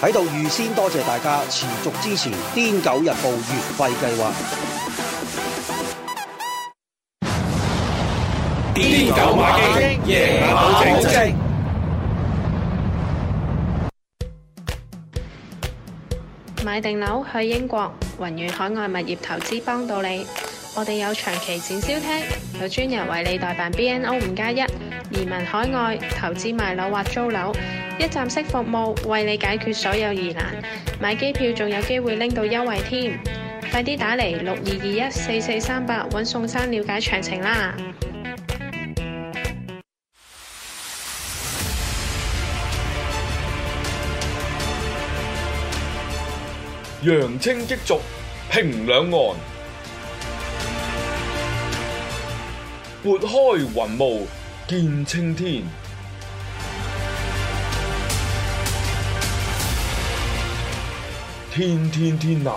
喺度預先多謝大家持續支持《癲狗日報月費計劃》。癲狗買機，夜晚買定樓去英國，宏遠海外物業投資幫到你。我哋有長期展銷廳，有專人為你代辦 B N O 五加一移民海外投資買樓或租樓。一站式服務，為你解決所有疑難。買機票仲有機會拎到優惠添，快啲打嚟六二二一四四三八，搵宋生了解詳情啦！揚清激濁，平兩岸；撥開雲霧，見青天。天天天藍，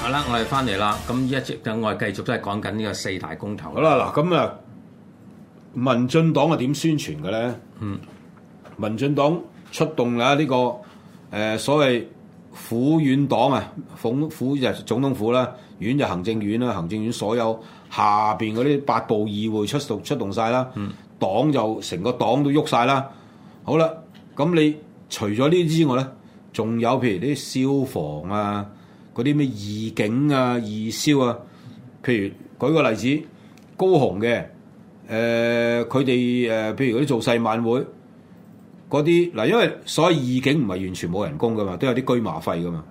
好啦，我哋翻嚟啦。咁一直等我哋繼續都係講緊呢個四大公投。好啦，嗱咁啊，民進黨係點宣傳嘅咧？嗯，民進黨出動啦、這個，呢個誒所謂府院黨啊，府府就總統府啦，院就行政院啦，行政院所有下邊嗰啲八部議會出動出動晒啦。嗯。黨就成個黨都喐晒啦。好啦，咁你除咗呢啲之外咧，仲有譬如啲消防啊，嗰啲咩義警啊、義消啊。譬如舉個例子，高雄嘅誒，佢哋誒，譬如嗰啲造勢晚會嗰啲嗱，因為所謂義警唔係完全冇人工噶嘛，都有啲居馬費噶嘛。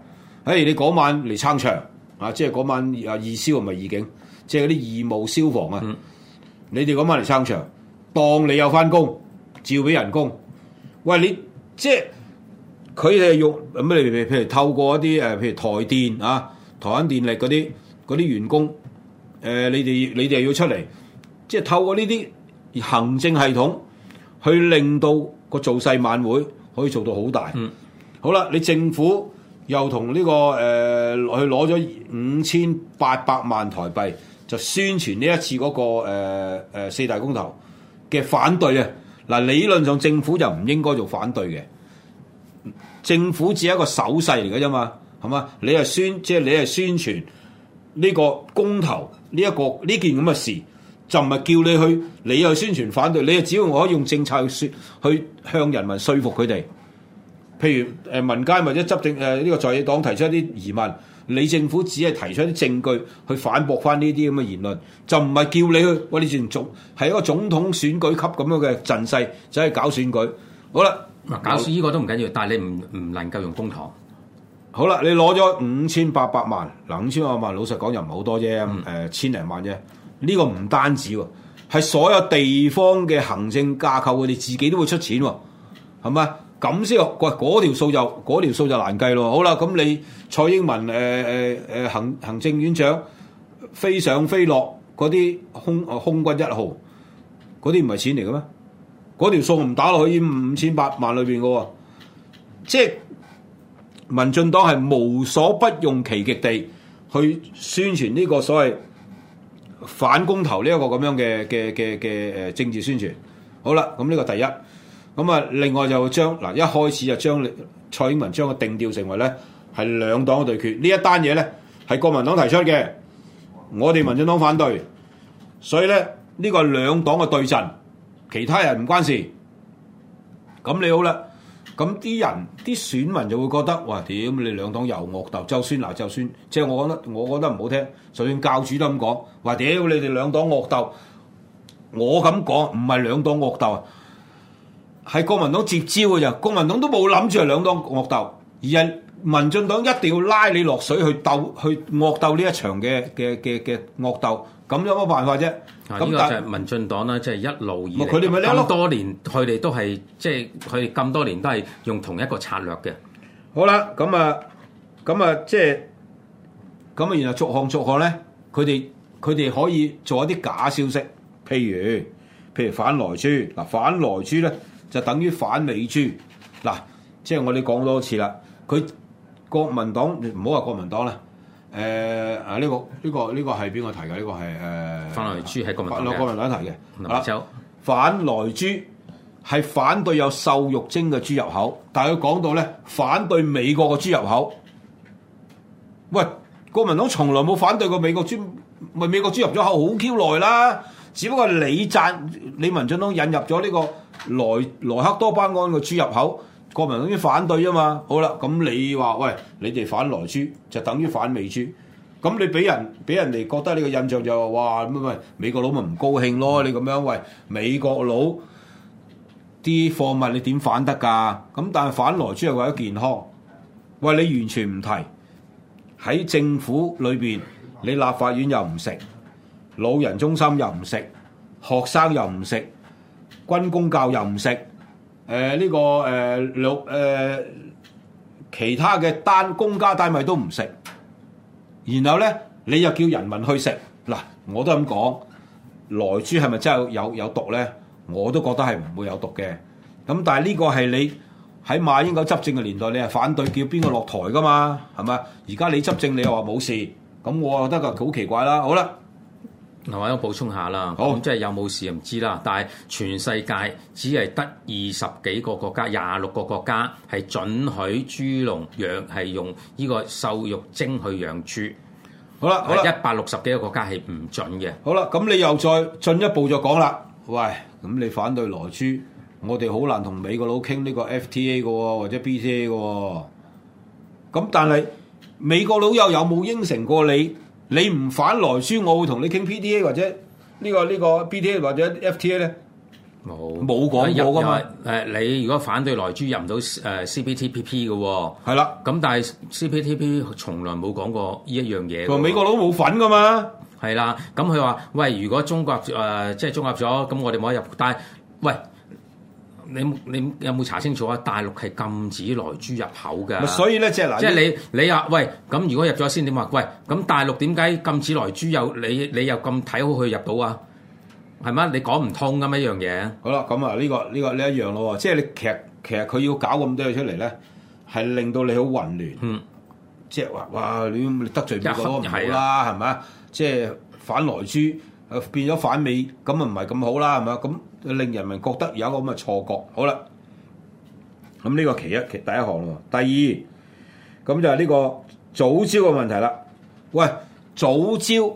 哎，你嗰晚嚟撐場啊，即係嗰晚啊義消係咪義警？即係嗰啲義務消防啊，嗯、你哋嗰晚嚟撐場。當你有翻工，照俾人工。喂，你，即係佢哋用咩？譬如譬如透過一啲誒，譬如台電啊，台灣電力嗰啲啲員工，誒你哋你哋要出嚟，即係透過呢啲行政系統去令到個造勢晚會可以做到好大。嗯、好啦，你政府又同呢個誒去攞咗五千八百萬台幣，就宣傳呢一次嗰個誒誒四大公投。嘅反對啊！嗱，理論上政府就唔應該做反對嘅，政府只係一個手勢嚟嘅啫嘛，係嘛？你係宣，即係你係宣傳呢個公投呢一個呢件咁嘅事，就唔係叫你去，你去宣傳反對，你係只要我可以用政策去説，去向人民説服佢哋。譬如誒民間或者執政誒呢個在野黨提出一啲疑問。你政府只係提出啲證據去反駁翻呢啲咁嘅言論，就唔係叫你去。我哋仲總係一個總統選舉級咁樣嘅陣勢，就去、係、搞選舉。好啦，搞選呢個都唔緊要，但係你唔唔能夠用公帑。好啦，你攞咗五千八百萬，嗱，五千八百萬，老實講又唔係好多啫，誒、呃、千零萬啫。呢、呢個唔單止喎，係所有地方嘅行政架構，佢哋自己都會出錢喎，係咪？咁先喂，嗰條數就嗰條數就難計咯。好啦，咁你蔡英文誒誒誒行行政院長飛上飛落嗰啲空、呃、空軍一號嗰啲唔係錢嚟嘅咩？嗰條數唔打落去五千八萬裏邊嘅喎，即係民進黨係無所不用其極地去宣傳呢個所謂反公投呢一個咁樣嘅嘅嘅嘅誒政治宣傳。好啦，咁呢個第一。咁啊，另外就將嗱一開始就將蔡英文將佢定調成為咧係兩黨嘅對決。一呢一單嘢咧係國民黨提出嘅，我哋民進黨反對，所以咧呢個兩黨嘅對陣，其他人唔關事。咁你好啦，咁啲人啲選民就會覺得哇，點你兩黨又惡鬥？就算嗱就算，即係我覺得，我覺得唔好聽。就算教主都咁講，話屌你哋兩黨惡鬥，我咁講唔係兩黨惡鬥啊！係國民黨接招嘅啫，國民黨都冇諗住係兩黨惡鬥，而係民進黨一定要拉你落水去鬥，去惡鬥呢一場嘅嘅嘅嘅惡鬥，咁有乜辦法啫？咁、啊、但係民進黨咧，即、就、係、是、一路以嚟咁多年，佢哋都係即係佢哋咁多年都係用同一個策略嘅。好啦，咁啊，咁啊，啊，啊，即係咁啊，然後逐項逐項咧，佢哋佢哋可以做一啲假消息，譬如譬如，譬如反萊豬。嗱，反萊豬咧。就等於反美豬，嗱，即係我哋講多次啦。佢國民黨，唔好話國民黨啦。誒、呃、啊，呢、呢個呢、呢個呢、呢個係邊個提嘅？呢個係誒反萊豬係國民黨嘅。國民黨提嘅。反萊豬係反對有瘦肉精嘅豬入口，但係佢講到咧，反對美國嘅豬入口。喂，國民黨從來冇反對過美國豬，咪美國豬入咗口好 Q 耐啦。只不過你贊李，李文俊都引入咗呢個萊萊克多巴胺嘅豬入口，國民總之反對啊嘛。好啦，咁你話喂，你哋反萊豬就等於反美豬，咁你俾人俾人哋覺得你嘅印象就係話，喂，美國佬咪唔高興咯，你咁樣喂美國佬啲貨物你點反得㗎？咁但係反萊豬係為咗健康，喂，你完全唔提喺政府裏邊，你立法院又唔食。老人中心又唔食，學生又唔食，軍公教又唔食，誒、呃、呢、這個誒六誒其他嘅單公家單位都唔食，然後咧你又叫人民去食嗱，我都咁講，萊豬係咪真係有有，有毒咧？我都覺得係唔會有毒嘅。咁但係呢個係你喺馬英九執政嘅年代，你係反對叫邊個落台㗎嘛？係咪？而家你執政，你又話冇事，咁我覺得就好奇怪啦。好啦。嗱，我都補充下啦。好，即係有冇事唔知啦。但係全世界只係得二十幾個國家，廿六個國家係準許豬農養，係用呢個瘦肉精去養豬。好啦，一百六十幾個國家係唔準嘅。好啦，咁你又再進一步就講啦。喂，咁你反對萊豬，我哋好難同美國佬傾呢個 FTA 嘅，或者 BTA 嘅。咁但係美國佬又有冇應承過你？你唔反萊豬，我會同你傾 PDA 或者呢、這個呢、這個 BTA 或者 FTA 咧，冇冇講過㗎。誒日、呃，你如果反對萊豬入唔到誒、呃、CPTPP 嘅喎，係啦的。咁但係 CPTPP 從來冇講過呢一樣嘢。個美國佬都冇份㗎嘛，係啦。咁佢話：喂，如果中國誒、呃、即係中合咗，咁我哋冇得入。但係，喂。你你有冇查清楚啊？大陸係禁止萊豬入口㗎。所以咧，即係即係你你啊，喂，咁如果入咗先點啊？喂，咁大陸點解禁止萊豬又你你又咁睇好佢入到啊？係咪？你講唔通㗎嘛一樣嘢。好啦，咁啊呢個呢個呢一樣咯喎，即係你其實其實佢要搞咁多嘢出嚟咧，係令到你好混亂。嗯，即係話哇，你得罪美國都唔好啦，係咪啊？即係反萊豬，誒變咗反美，咁啊唔係咁好啦，係咪啊？咁。令人民覺得有一個咁嘅錯覺，好啦。咁呢個其一其第一項咯。第二，咁就係呢個藻礁嘅問題啦。喂，藻礁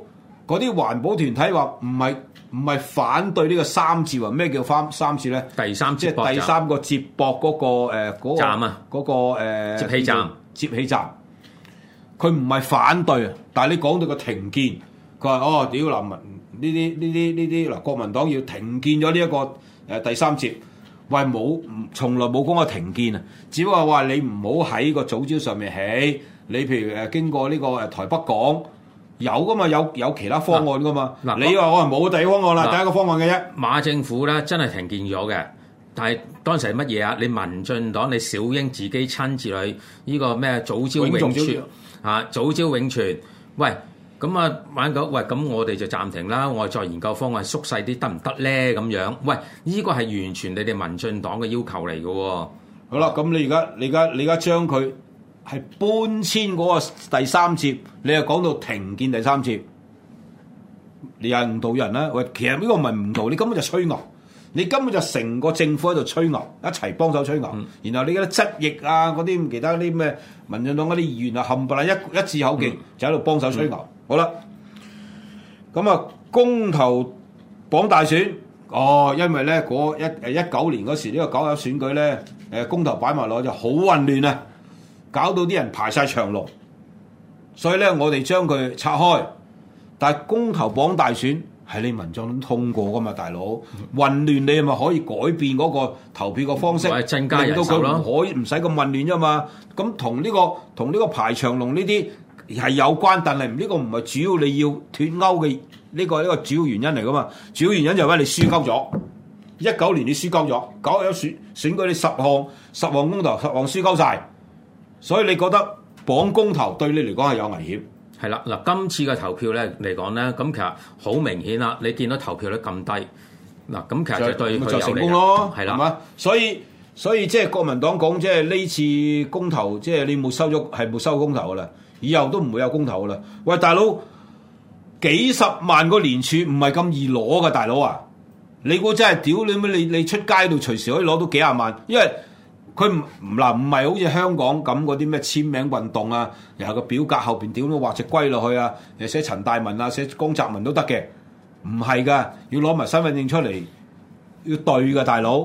嗰啲環保團體話唔係唔係反對呢個三接，話咩叫三三接咧？第三即係第三個接駁嗰、嗰個、呃嗰個、站啊嗰、嗰個接氣站接氣站。佢唔係反對，但係你講到個停建，佢話哦，屌林文。呃呢啲呢啲呢啲嗱，國民黨要停建咗呢一個誒、呃、第三接，喂，冇，從來冇講過停建啊，只不過話你唔好喺個藻礁上面起，你譬如誒經過呢個誒台北港有噶嘛，有有其他方案噶嘛，啊、你話我係冇第二方案啦，那第一個方案嘅啫、啊。馬政府咧真係停建咗嘅，但係當時係乜嘢啊？你民進黨你小英自己親自去呢個咩藻礁永存啊？藻礁永存，喂。咁啊，玩狗喂！咁我哋就暫停啦。我再研究方案縮細啲得唔得咧？咁樣喂，呢個係完全你哋民進黨嘅要求嚟嘅、哦。好啦，咁你而家你而家你而家將佢係搬遷嗰個第三節，你又講到停建第三節，你係唔做人啦？喂，其實呢個唔係唔做，你根本就吹牛，你根本就成個政府喺度吹牛，一齊幫手吹牛。嗯、然後你啲質詢啊，嗰啲其他啲咩民進黨嗰啲議員啊，冚唪唥一一致口徑，就喺度幫手吹牛。嗯好啦，咁啊公投綁大選哦，因為咧、那個、一誒一九年嗰時呢、這個九廿選舉咧，誒公投擺埋落就好混亂啊，搞到啲人排晒長龍，所以咧我哋將佢拆開，但係公投綁大選喺你民眾通過噶嘛，大佬混亂你係咪可以改變嗰個投票嘅方式，令到佢可以唔使咁混亂啫嘛，咁同呢、這個同呢個排長龍呢啲。係有關，但係呢個唔係主要你要脫歐嘅呢個一個主要原因嚟噶嘛？主要原因就係乜？你輸鳩咗，一九年你輸鳩咗，九咗選選舉，你十項十項公投十項輸鳩晒，所以你覺得綁公投對你嚟講係有危險？係啦，嗱，今次嘅投票咧嚟講咧，咁其實好明顯啦，你見到投票率咁低，嗱，咁其實就對佢有利，就成功咯，係啦嘛，所以所以即係國民黨講，即係呢次公投，即係你冇收咗，係冇收公投噶啦。以後都唔會有公投噶啦！喂，大佬，幾十萬個連署唔係咁易攞噶，大佬啊！你估真係屌你咩？你你出街度隨時可以攞到幾廿萬，因為佢唔嗱唔係好似香港咁嗰啲咩簽名運動啊，然後個表格後邊屌都畫隻龜落去啊，又寫陳大文啊，寫江澤民都得嘅，唔係噶，要攞埋身份證出嚟，要對噶，大佬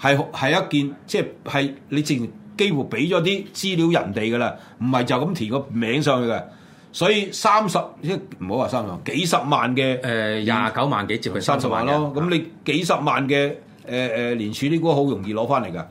係係一件即係係你直。幾乎俾咗啲資料人哋噶啦，唔係就咁填個名上去嘅，所以三十唔好話三十幾十萬嘅、呃，誒廿九萬幾接近三十萬咯。咁、嗯、你幾十萬嘅誒誒連署呢個好容易攞翻嚟噶，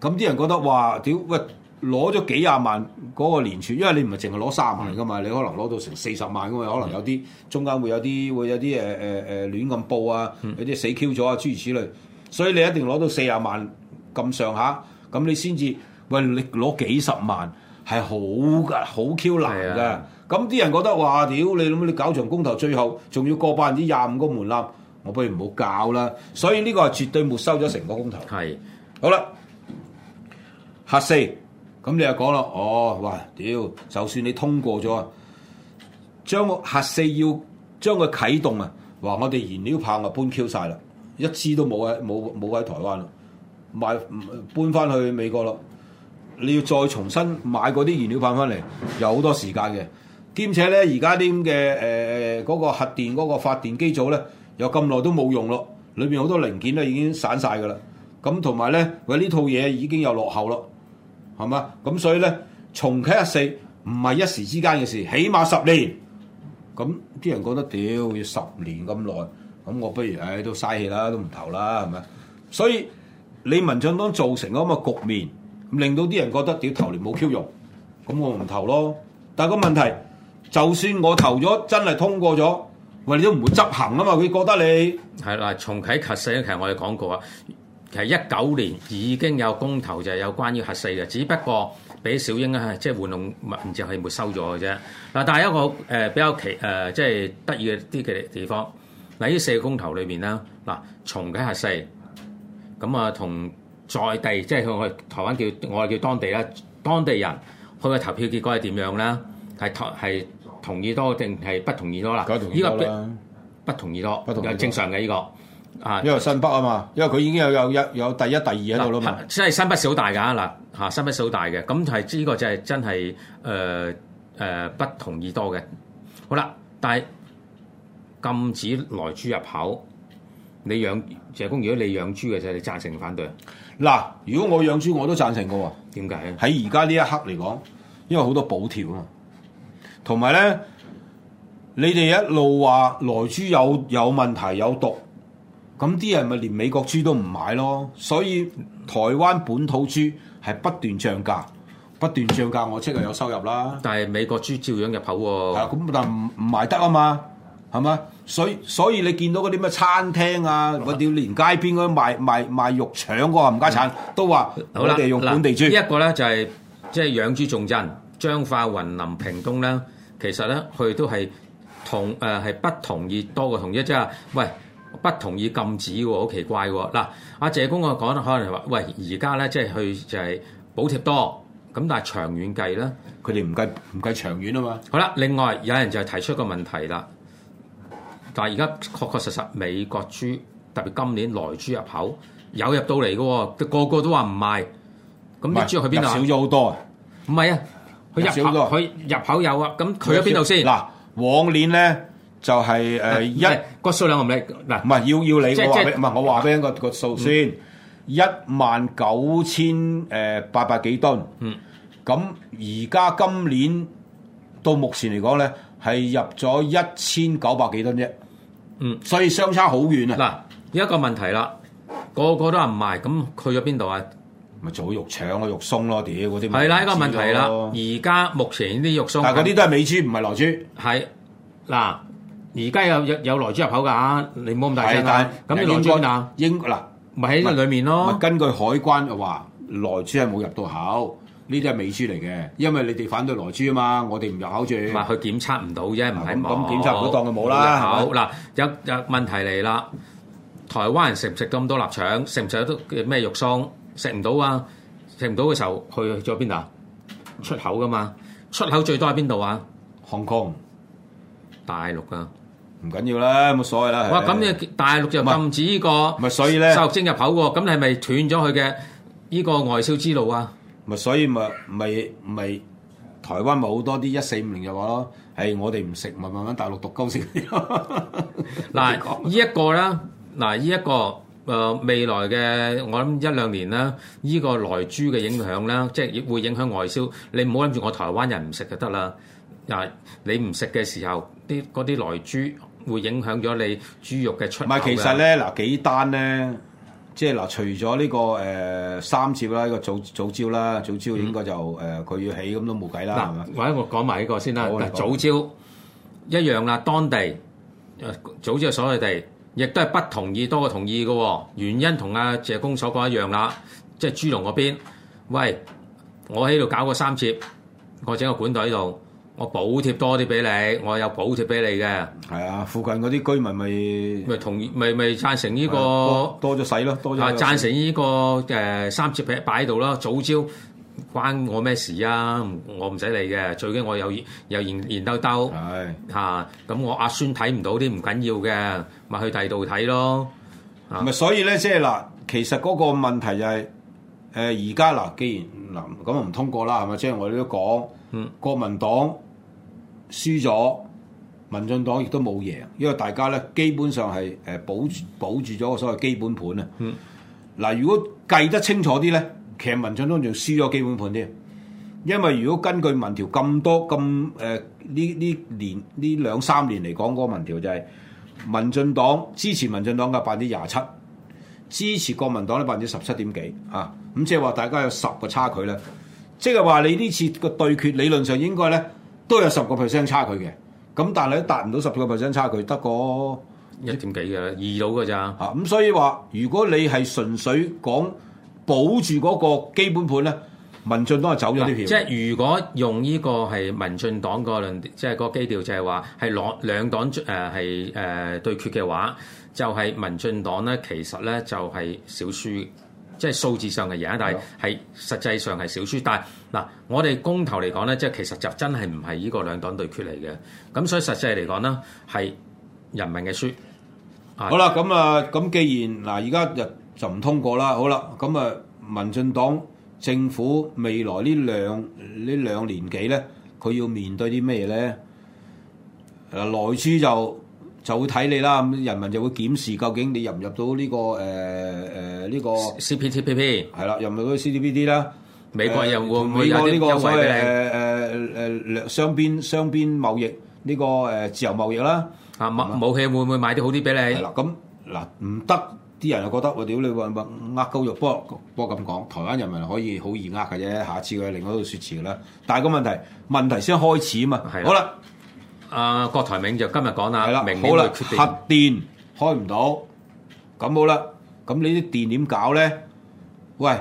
咁啲人覺得話屌喂，攞咗、呃、幾十萬嗰個連署，因為你唔係淨係攞三十萬㗎嘛，你可能攞到成四十萬嘛，嗯、可能有啲中間會有啲會有啲誒誒誒亂咁報啊，有啲死 Q 咗啊諸如此類，所以你一定攞到四十萬咁上下。咁你先至，喂，你攞幾十萬係好噶，好 Q 難噶。咁啲是的、嗯、人覺得話，屌你諗，你搞場公投，最後仲要過百分之廿五個門檻，我不如唔好搞啦。所以呢個係絕對沒收咗成個公投。係，是的 好啦，核四，咁你又講啦，哦，哇，屌，就算你通過咗，將核四要將佢啟動啊，哇，我哋燃料棒啊搬 Q 晒啦，一支都冇喺冇冇喺台灣啦。賣搬翻去美國咯，你要再重新買嗰啲燃料棒翻嚟，有好多時間嘅。兼且咧，而家啲咁嘅誒嗰個核電嗰個發電機組咧，有咁耐都冇用咯，裏邊好多零件咧已經散晒㗎啦。咁同埋咧，佢呢套嘢已經又落後咯，係嘛？咁所以咧，重啟一四唔係一時之間嘅事，起碼十年。咁啲人講得屌要十年咁耐，咁我不如唉都嘥氣啦，都唔投啦，係咪？所以。你民進黨造成咁嘅局面，令到啲人覺得屌投年冇 Q 用，咁我唔投咯。但係個問題，就算我投咗，真係通過咗，餵你都唔會執行啊嘛。佢覺得你係啦，重啟核四咧，其實我哋講過啊，其實一九年已經有公投就係、是、有關於核四嘅，只不過俾小英啊即係換用文字係沒收咗嘅啫。嗱，但係一個誒、呃、比較奇誒即係得意嘅啲嘅地方，嗱，呢四個公投裏面啦，嗱，重啟核四。咁啊，同在地，即係佢去台灣叫，我哋叫當地啦。當地人佢嘅投票結果係點樣咧？係同係同意多定係不同意多啦？依個同意多啦，不同意多，意多正常嘅呢、呢個。啊，因為新北啊嘛，因為佢已經有有有有第一、第二喺度啦嘛，即係新北少大噶嗱嚇，新北少大嘅，咁就係呢個就係真係誒誒不同意多嘅。好啦，但係禁止萊豬入口。你養謝工，如果你養豬嘅，就你贊成反對？嗱，如果我養豬，我都贊成嘅喎。點解？喺而家呢一刻嚟講，因為好多補貼啊，同埋咧，你哋一路話來豬有有問題有毒，咁啲人咪連美國豬都唔買咯。所以台灣本土豬係不斷漲價，不斷漲價，我即係有收入啦。但係美國豬照樣入口喎。啊，咁但唔唔賣得啊嘛，係咪？所以所以你見到嗰啲咩餐廳啊，嗰啲連街邊嗰啲賣，賣，賣，賣肉腸嗰個冚家鏟都話，我哋用本地豬的。一個咧就係即係養豬重鎮，彰化、雲林、屏東咧，其實咧佢都係同誒係、呃、不同意多過同意，即係話喂不同意禁止喎、啊，好奇怪喎、啊！嗱、啊，阿謝公我講得可能係話，喂而家咧即係去就係補貼多，咁但係長遠計咧，佢哋唔計唔計長遠啊嘛。好啦，另外有人就提出個問題啦。但係而家確確實實美國豬，特別今年萊豬入口有入到嚟嘅，個個都話唔賣。咁啲豬去邊啊？少咗好多啊！唔係啊，佢入口佢入口有啊。咁佢去邊度先？嗱，往年咧就係誒一個數量唔係嗱，唔係要要你我話俾唔係我話俾一個個數先，一萬九千誒八百幾噸。嗯。咁而家今年到目前嚟講咧，係入咗一千九百幾噸啫。嗯，所以相差好遠啊！嗱，一個問題啦，個個都唔賣，咁去咗邊度啊？咪做肉腸咯，肉鬆咯，屌啲！係啦，一個問題啦，而家目前啲肉鬆，但嗰啲都係美豬，唔係萊豬。係嗱，而家有有有萊豬入口㗎，你唔好咁大聲、啊。係，但係咁、啊、應該啊？應嗱咪喺裏面咯。根據海關話，萊豬係冇入到口。呢啲係美豬嚟嘅，因為你哋反對萊豬啊嘛，我哋唔入口住。唔係佢檢測唔到啫，唔喺咁咁檢測唔到當佢冇啦。入口嗱吧有一問題嚟啦，台灣人食唔食咁多臘腸？食唔食到嘅咩肉鬆？食唔到啊！食唔到嘅時候去咗邊度？出口噶嘛？出口最多喺邊度啊？香港 Kong？大陸啊？唔緊要啦，冇所謂啦。哇！咁你、啊、大陸就禁止依個咪是所以咧？瘦肉精入口喎，咁你係咪斷咗佢嘅呢個外銷之路啊？咪所以咪咪咪台灣咪好多啲一四五零嘅話咯，係、哎、我哋唔食咪慢慢大陸獨高先。嗱 喏，呢一、這個咧，嗱、呃，呢一個誒未來嘅我諗一兩年啦，這個、豬呢個萊豬嘅影響咧，嗯、即係會影響外銷。你唔好諗住我台灣人唔食就得啦。啊，你唔食嘅時候，啲嗰啲萊豬會影響咗你豬肉嘅出口。唔係，其實咧，嗱幾單咧。即係嗱，除咗呢、這個誒、呃、三接啦，呢個藻藻礁啦，藻礁應該就誒佢、嗯、要起咁都冇計啦，或者、啊、我講埋呢個先啦。啊啊、藻礁一樣啦，當地誒藻礁嘅所在地，亦都係不同意多過同意嘅，原因同阿、啊、謝公所講一樣啦。即係珠龍嗰邊，喂，我喺度搞個三接，我整個管道喺度，我補貼多啲俾你，我有補貼俾你嘅。係啊，附近嗰啲居民咪咪同意咪咪贊成呢、這個多咗使咯，多咗。多啊，贊成呢、這個誒、呃、三折皮擺喺度咯，早朝關我咩事啊？我唔使理嘅，最緊我有有現兜兜。係嚇是，咁、啊、我阿孫睇唔到啲唔緊要嘅，咪去第二度睇咯。咪、啊、所以咧，即係嗱，其實嗰個問題就係誒而家嗱，既然嗱咁唔通過啦，係嘛？即、就、係、是、我哋都講，國民黨、嗯。輸咗，民進黨亦都冇贏，因為大家咧基本上係誒保保住咗個所謂基本盤啊。嗱、嗯，如果計得清楚啲咧，其實民進黨仲輸咗基本盤添，因為如果根據民調咁多咁誒呢呢年呢兩三年嚟講嗰個民調就係民進黨支持民進黨嘅百分之廿七，支持國民黨嘅百分之十七點幾啊，咁即係話大家有十個差距咧，即係話你呢次個對決理論上應該咧。都有十個 percent 差距嘅，咁但係你達唔到十個 percent 差距，得個一點幾嘅，二到嘅咋？啊，咁所以話，如果你係純粹講保住嗰個基本盤咧，民進黨係走咗啲票。啊、即係如果用呢個係民進黨個論，即、就、係、係、個基調就，就係話係攞兩黨誒係誒對決嘅話，就係、係、民進黨咧，其實咧就係、係、少輸。即係數字上嘅贏，但係係實際上係少輸。但係嗱，我哋公投嚟講咧，即係其實就真係唔係呢個兩黨對決嚟嘅。咁所以實際嚟講咧，係人民嘅輸。好啦，咁啊，咁既然嗱，而家就就唔通過啦。好啦，咁啊，民進黨政府未來呢兩呢兩年幾咧，佢要面對啲咩咧？嗱，萊豬就。就會睇你啦，咁人民就會檢視究竟你入唔入到呢、這個誒誒呢個 CPTPP 係啦，入唔到 CPTPP 啦？美國又會唔會、呃、有呢個所謂誒誒誒雙邊雙邊貿易呢、這個誒、呃、自由貿易啦，嚇武器會唔會買啲好啲俾你？係咁嗱唔得啲人又覺得我屌你話話壓高肉波波咁講，台灣人民可以好易壓嘅啫，下次佢另外一個説詞啦。但係個問題問題先開始啊嘛，好啦。Man X 啊、呃，郭台銘就今日講啦，好啦，核電開唔到，咁好啦，咁你啲電點搞咧？喂，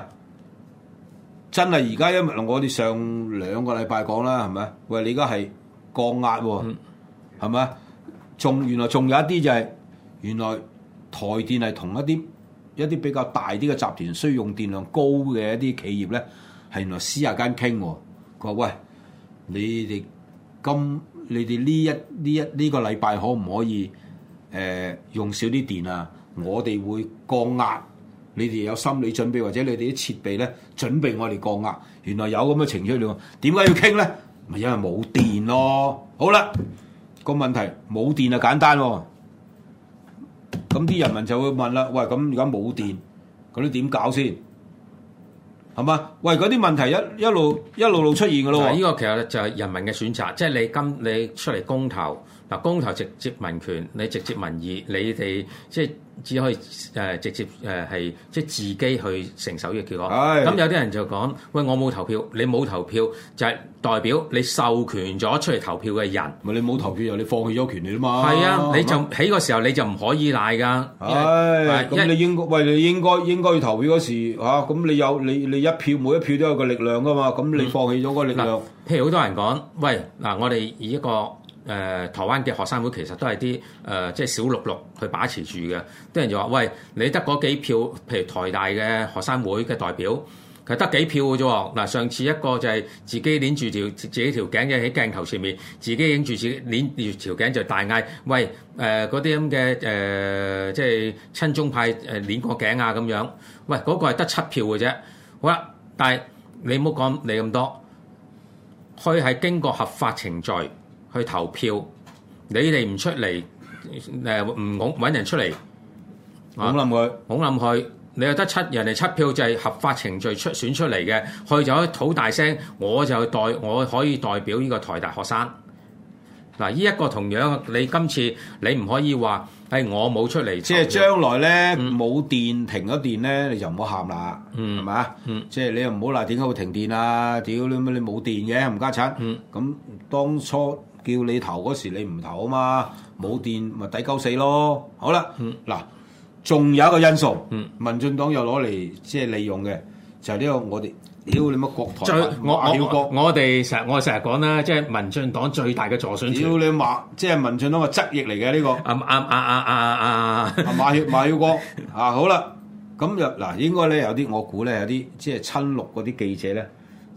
真係而家因為我哋上兩個禮拜講啦，係咪？喂，你而家係降壓喎，係咪？仲原來仲有一啲就係、是、原來台電係同一啲一啲比較大啲嘅集團，需要用電量高嘅一啲企業咧，係原來私下間傾喎。佢話：喂，你哋今你哋呢一呢一呢、這個禮拜可唔可以誒、呃、用少啲電啊？我哋會降壓，你哋有心理準備，或者你哋啲設備咧準備我哋降壓。原來有咁嘅情緒，點解要傾咧？咪因為冇電咯。好啦，個問題冇電就簡單喎、啊。咁啲人民就會問啦：喂，咁而家冇電，咁你點搞先？係嘛？喂，嗰啲問題一一路一路一路出現嘅咯喎！依個其實就係人民嘅選擇，即係你今你出嚟公投。嗱，公投直接民權，你直接民意，你哋即係只可以誒直接誒係即係自己去承受嘅結果。咁有啲人就講：，喂，我冇投票，你冇投票，就係代表你授權咗出嚟投票嘅人。唔係你冇投票又你放棄咗權利啊嘛。係啊，你就喺個時候你就唔可以賴㗎。係，因為你應餵你應該應該要投票嗰時啊咁你有你你一票每一票都有個力量㗎嘛。咁你放棄咗個力量。譬如好多人講：，喂，嗱，我哋以一個誒、呃，台灣嘅學生會其實都係啲誒，即係小六六去把持住嘅。啲人就話：，喂，你得嗰幾票，譬如台大嘅學生會嘅代表，佢得幾票嘅啫。嗱、呃，上次一個就係自己捻住條自己條頸嘅喺鏡頭前面，自己影住自己捻住條頸就大嗌：，喂，誒嗰啲咁嘅誒，即係親中派誒捻過頸啊！咁樣，喂嗰、那個係得七票嘅啫。好啦，但係你唔好講你咁多，佢係經過合法程序。去投票，你哋唔出嚟，誒唔好揾人出嚟，冇諗佢，冇諗佢，你又得七人哋七票就係合法程序出選出嚟嘅，佢就可以好大聲，我就代我可以代表呢個台大學生。嗱、啊，呢、這、一個同樣，你今次你唔可以話係、哎、我冇出嚟，即係將來咧冇電、嗯、停咗電咧，你就唔好喊啦，係咪？嗯，吧嗯即係你又唔好話點解會停電啊？屌你乜你冇電嘅，冚家鏟。嗯，咁當初。叫你投嗰時你唔投啊嘛，冇電咪抵鳩死咯。好啦，嗱、嗯，仲有一個因素，嗯、民進黨又攞嚟即係利用嘅，就係、是、呢個我哋，屌你乜國台我國我我我哋成日我成日講啦，即、就、係、是、民進黨最大嘅助信只要你馬，即、就、係、是、民進黨嘅質逆嚟嘅呢個。啱啱啱啱啱啱馬曉馬曉光 啊！好啦，咁又嗱，應該咧有啲我估咧有啲即係親綠嗰啲記者咧。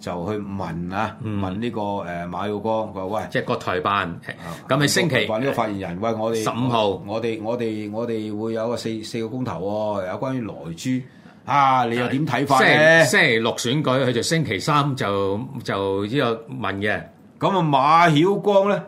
就去問啊，問呢個誒馬曉光，佢話、嗯、喂，即係國台辦，咁你、啊、是星期辦呢個發言人，欸、喂我哋十五號，我哋日我哋我哋會有個四四個公投喎、哦，有關於萊豬啊，你又點睇法，星期，星期六選舉，佢就星期三就就呢個問嘅，咁啊馬曉光咧，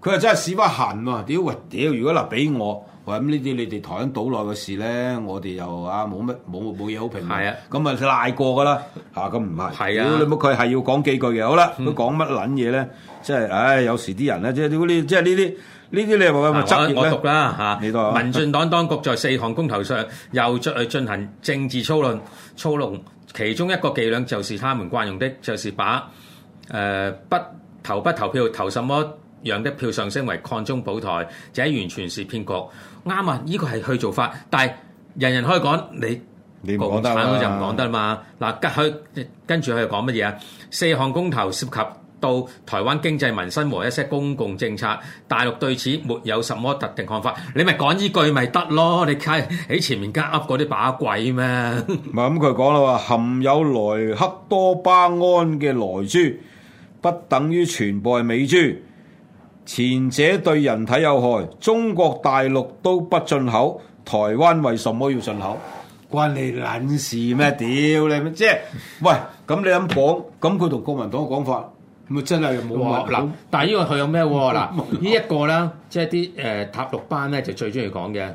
佢又真係屎忽痕喎，屌我屌！如果嗱俾我。咁呢啲你哋台灣島內嘅事咧，我哋又啊冇乜冇冇嘢好評論，咁咪賴過噶啦嚇，咁唔係。屌你冇，佢係、啊、要講幾句嘅，好啦，佢講乜撚嘢咧？即係唉、哎，有時啲人咧，即係如果你即係呢啲呢啲你話咪執業咧嚇，啊、說民進黨當局在四項公投上又進進行政治操論操弄，弄其中一個伎倆就是他們慣用的，就是把誒、呃、不投不投票投什麼？讓得票上升為抗中保台，就係完全是騙局啱啊！呢個係佢做法。但係人人可以講你你講得，我就唔講得啦嘛。嗱，吉去跟住佢講乜嘢啊？四項公投涉及到台灣經濟民生和一些公共政策，大陸對此沒有什麼特定看法。你咪講依句咪得咯？你睇喺前面加噏嗰啲把鬼咩？唔係咁，佢講啦話，含有萊克多巴胺嘅萊豬，不等於全部係美豬。前者對人體有害，中國大陸都不進口，台灣為什麼要進口？關你撚事咩？屌你！即係喂，咁你咁講，咁佢同國民黨嘅講法，咪真係冇話嗱？但係呢個佢有咩喎嗱？呢一個咧，即係啲誒塔綠班咧，就最中意講嘅。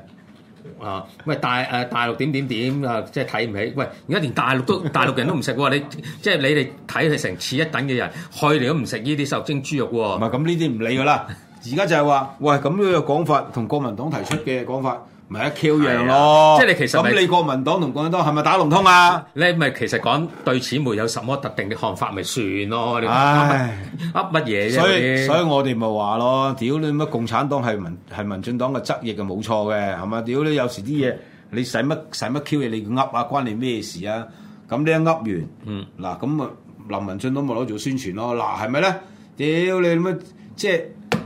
啊！喂、呃，大誒大陸點點點啊，即係睇唔起。喂，而家連大陸都大陸人都唔食喎。 你即係你哋睇佢成次一等嘅人，去嚟都唔食呢啲受精豬肉喎、啊。唔係咁呢啲唔理㗎啦。而家 就係話，喂，咁樣嘅講法同國民黨提出嘅講法。咪一 Q 樣咯，即係你其實咁你國民黨同共產黨係咪打龍通啊？你咪其實講對此沒有什麼特定嘅看法，咪算咯？你話唉噏乜嘢啫？所以所以，我哋咪話咯，屌你乜共產黨係民係民進黨嘅執逆係冇錯嘅，係咪？屌你有時啲嘢你使乜使乜 Q 嘢你噏啊？關你咩事啊？咁你一噏完，嗯，嗱咁啊林文進都冇攞做宣傳咯。嗱係咪咧？屌你乜即係。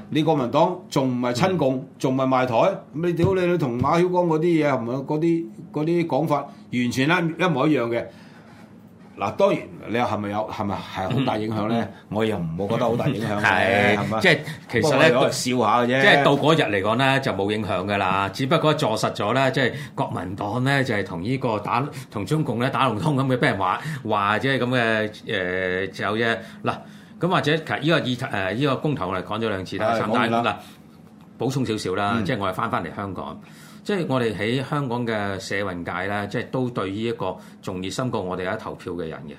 你國民黨仲唔係親共，仲唔係賣台？咁你屌你你同馬曉光嗰啲嘢，唔係嗰啲嗰啲講法，完全一一模一樣嘅。嗱，當然你話係咪有係咪係好大影響咧？我又唔會覺得好大影響嘅，係嘛？即係其實咧，笑下嘅啫。即係到嗰日嚟講咧，就冇影響噶啦。只不過坐實咗咧，即係國民黨咧就係同呢個打同中共咧打龍通咁嘅，俾人話話即係咁嘅誒就啫嗱。咁或者其實依、這個議題誒，依公投我哋講咗兩次，但係但係嗱，補充少少啦，嗯、即係我哋翻翻嚟香港，即係我哋喺香港嘅社運界的的的、嗯、啦，即係都對依一個仲熱心過我哋喺投票嘅人嘅，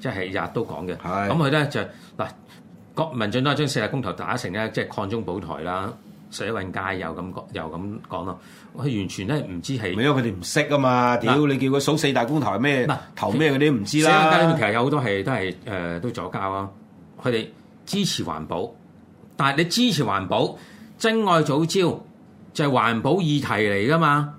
即係日日都講嘅。咁佢咧就嗱，郭民俊都係將四大公投打成咧，即係抗中保台啦，社運界又咁又咁講咯。佢完全咧唔知係，因為佢哋唔識啊嘛，屌那你叫佢數四大公投係咩投咩佢哋唔知啦。社運界其實有好多係都係誒、呃呃、都左膠啊。佢哋支持環保，但係你支持環保，珍愛藻礁就係環保議題嚟㗎嘛？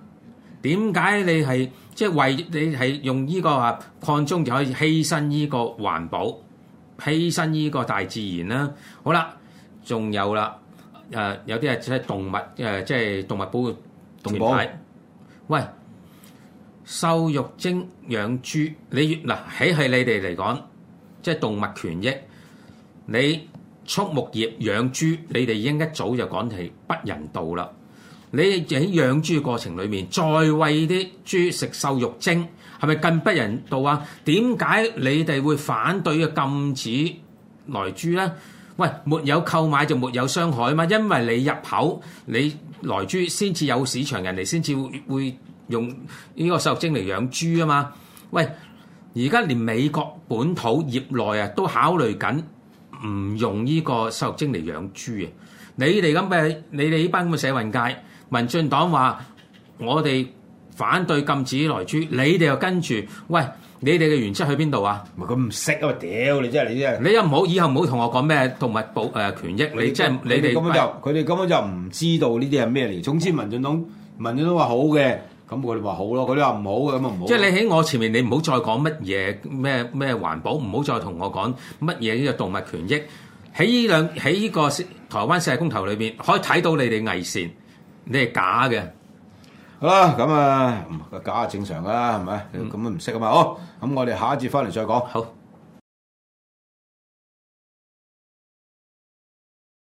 點解你係即係為你係用呢個啊擴充就可以犧牲呢個環保，犧牲呢個大自然咧？好啦，仲有啦，誒有啲係即係動物誒，即係動物保護動物。全保喂，瘦肉精養豬，你嗱喺係你哋嚟講，即係動物權益。你畜牧業養豬，你哋已經一早就講起不人道啦。你喺養豬嘅過程裏面，再餵啲豬食瘦肉精，係咪更不人道啊？點解你哋會反對嘅禁止萊豬咧？喂，沒有購買就沒有傷害嘛，因為你入口你萊豬先至有市場，人哋先至會用呢個瘦肉精嚟養豬啊嘛。喂，而家連美國本土業內啊，都考慮緊。唔用呢個瘦肉精嚟養豬啊！你哋咁嘅，你哋呢班咁嘅社運界、民進黨話我哋反對禁止來豬，你哋又跟住，喂，你哋嘅原則去邊度啊？唔係，佢唔識啊，屌。你真係，你真係，你又唔好以後唔好同我講咩動物保誒、呃、權益，你真係，你哋根本就，佢哋根本就唔知道呢啲係咩嚟。總之民進黨，民進黨話好嘅。咁佢哋話好咯，佢哋話唔好嘅咁啊唔好。好好即係你喺我前面，你唔好再講乜嘢咩咩環保，唔好再同我講乜嘢呢個動物權益。喺呢兩喺呢個台灣世界公投裏邊，可以睇到你哋偽善，你係假嘅。好啦，咁啊唔係假係正常噶啦，係咪？咁都唔識啊嘛。好，咁我哋下一節翻嚟再講。好。